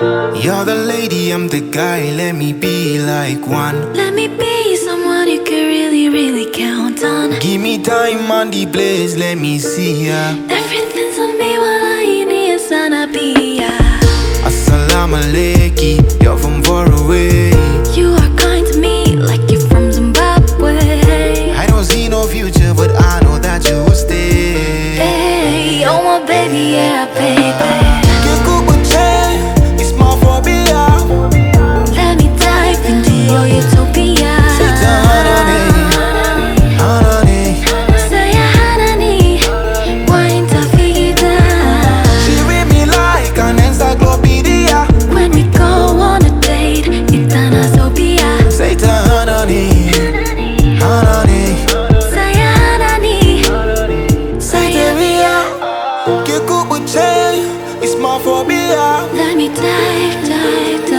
You're the lady, I'm the guy. Let me be like one. Let me be someone you can really, really count on. Give me time on the place, let me see ya. Everything's on me while I need is gonna be ya. Assalamu alaikum, you're from far away. You are kind to me like you're from Zimbabwe. I don't see no future, but I know that you will stay. Hey, oh my baby, yeah, baby. phobia Let me d i e d i e d i e